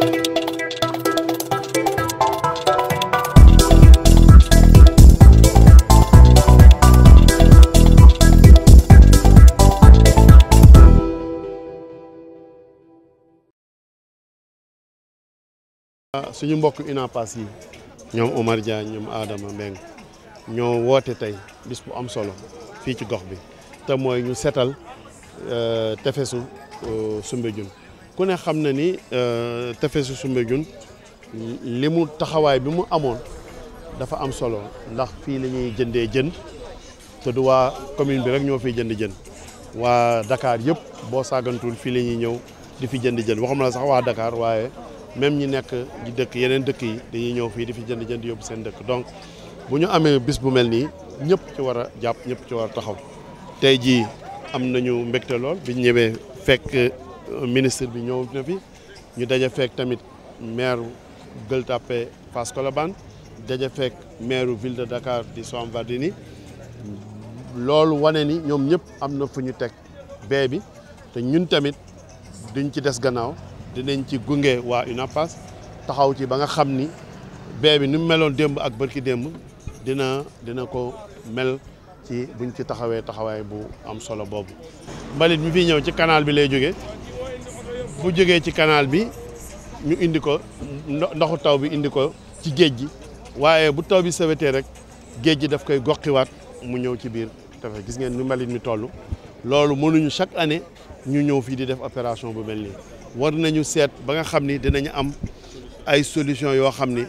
Ah, suñu mbokk UNAPAS yi ñoom Omar Dia ñoom Adama Mbengue ñoo woote tey bis bu am solo fii ci gox bi te mooy ñu seetal euh, tefesu euh, Soumbédioune ku ne xam na ni euh, tefesu Soumbédioune li mu taxawaay bi mu amoon dafa am solo ndax fii la ñuy jëndee jën te du waa commune bi rek ñoo fi jënd jën waa dakaar yëpp boo saagantul fii la ñuy ñëw di fi jënd jën waxuma la sax waa Dakar waaye même ñi nekk di dëkk yeneen dëkk yi dañuy ñëw fii di fi jënd jën di yóbbu seen dëkk donc bu ñu amee bis bu mel nii ñëpp ci war a jàpp ñëpp ci war taxaw tey jii am nañu mbégte lool biñ ñëwee fekk. ministre bi ñëw na fi ñu daje fekk tamit maire Gueule Tapée Fass Colobane daje fekk maire ville de Dakar di Soham Wardini loolu wane ni ñoom ñëpp am na fu ñu teg bee bi te ñun tamit duñ ci des gannaaw dinañ ci gunge waa UNAPAS taxaw ci ba nga xam ni bee bi ni mu meloon démb ak bërki démb dina dina ko mel ci buñ ci taxawee taxawaay bu am solo boobu mbalit mi fi ñëw ci canal bi lay jóge bu jógee ci kanaal bi ñu indi ko ndoxu taw bi indi ko ci géej gi waaye bu taw bi sawetee rek géej gi daf koy goqiwaat mu ñëw ci biir tefes gis ngeen ni mbalit mi toll loolu mënuñu chaque année ñu ñëw fii di def opération bu mel nii war nañu seet ba nga xam ni dinañu am ay solution yoo xam ni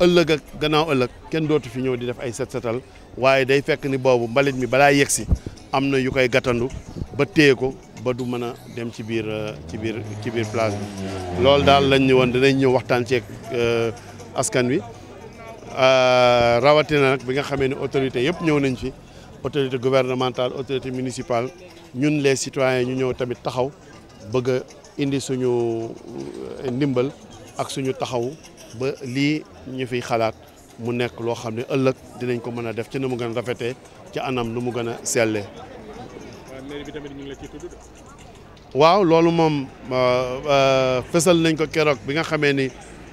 ëllëg ak gannaaw ëllëg kenn dootu fi ñëw di def ay set setal waaye day fekk ni boobu mbalit mi balaa yegsi am na yu koy gàttandu ba téye ko ba du mën a dem ci biir euh, ci biir ci biir place bi loolu daal lañ ñu woon dinañ ñëw waxtaan ceeg euh, askan wi euh, rawatina nag bi nga xamee ne autorité yëpp ñëw nañ fi autorité gouvernementale autorité municipale ñun les citoyens ñu ñëw tamit taxaw bëgg indi suñu ndimbal ak suñu taxaw ba lii ñu fiy xalaat mu nekk loo xam ne ëllëg dinañ ko mën a def ci nu mu gën a rafetee ci anam nu mu gën a sellee mairie bi tamit ñu ngi la waaw loolu moom euh, fësal nañ ko keroog bi nga xamee ni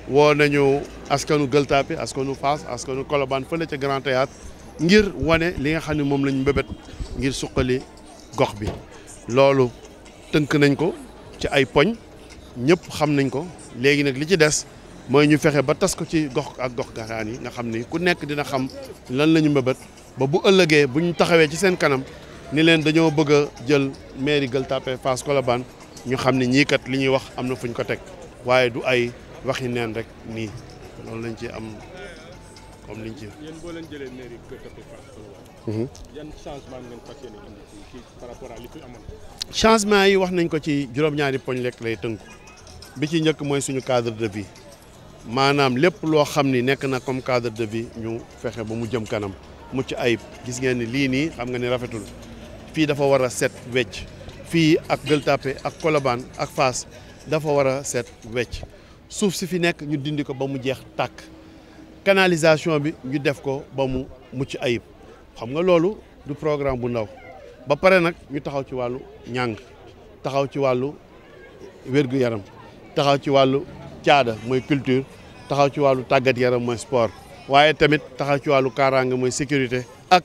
woo nañu askanu Gueule Tapée askanu Fass askanu Colobane fële ca Grand Théâtre ngir wane li nga xam ne moom lañ mbébét ngir suqali gox bi loolu tënk nañ ko ci ay poñ ñëpp xam nañ ko léegi nag li ci des mooy ñu fexe ba tas ko ci gox ak gox garaan yi nga xam ni ku nekk dina xam lan lañu ñu ba bu ëllëgee bu taxawee ci seen kanam ni leen dañoo bëgg a jël mairie Gueule Tapée Fass Colobane ñu xam ne ñii kat li ñuy wax am na fu ñu ko teg waaye du ay waxi neen rek nii loolu lañ ci am comme liñ ci. yéen boo leen jëlee mairie Gueule Tapée mhm. changement li fi amoon. yi wax nañ ko ci juróom-ñaari poñ lekk lay tënku bi ci njëkk mooy suñu cadre de vie maanaam lépp loo xam ni nekk na comme cadre de vie ñu fexe ba mu jëm kanam mucc ayib gis ngeen ni lii nii xam nga ni rafetul. fii dafa war a set wecc fii ak Gueule ak Colobane ak faas dafa war a set wecc suuf si fi nekk ñu dindi ko ba mu jeex tàkk canalisation bi ñu def ko ba mu mucc ayib xam nga loolu du programme bu ndaw ba pare nag ñu taxaw ci wàllu ñàng taxaw ci wàllu wér yaram taxaw ci wàllu caada mooy culture taxaw ci wàllu tàggat yaram mooy sport waaye tamit taxaw ci wàllu kaaraange mooy sécurité ak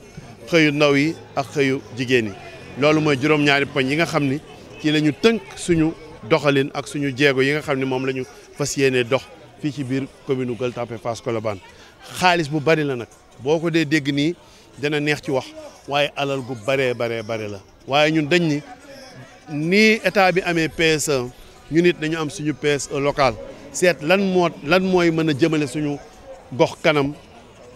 xëyu ndaw yi ak xëyu jigéen yi loolu mooy juróom poñ yi nga xam ni ci la tënk suñu doxalin ak suñu jéego yi nga xam ne moom la ñu fas yéenee dox fii ci biir commune u Gueule Tapée Fass xaalis bu bari la nag boo ko dee dégg nii dana neex ci wax waaye alal gu baree baree bare la waaye ñun dañ ni nii état bi amee PSE ñu nit dañu am suñu PSE local seet lan lan mooy mën a jëmale suñu gox kanam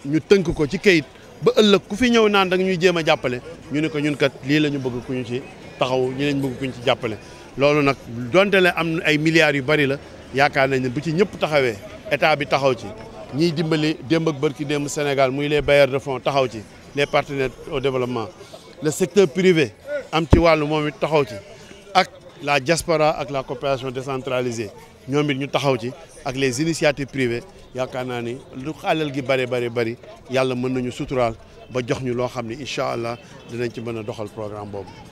ñu tënk ko ci kayit ba ëllëg ku fi ñëw naan da ñuy jéem a jàppale ñu ne ko ñun kat lii la ñu bëgg kuñu ci taxaw ñu lañ bëgg kuñu ci jàppale loolu nag donte le am ay milliards yu bari la yaakaar nañ ne bu ci ñëpp taxawee état bi taxaw ci ñiy dimbali démb ak bërki démb Sénégal muy les bailleurs de fonds taxaw ci les partenaires au développement le secteur privé am ci wàllu moom it taxaw ci ak la jaspora ak la coopération décentralisée ñoom it ñu taxaw ci ak les initiatives privées yaakaar naa ni lu xaalal gi bëri bëri bari yàlla mën nañu suturaal ba jox ñu loo xam ne incha allah dinañ ci mën a doxal programme boobu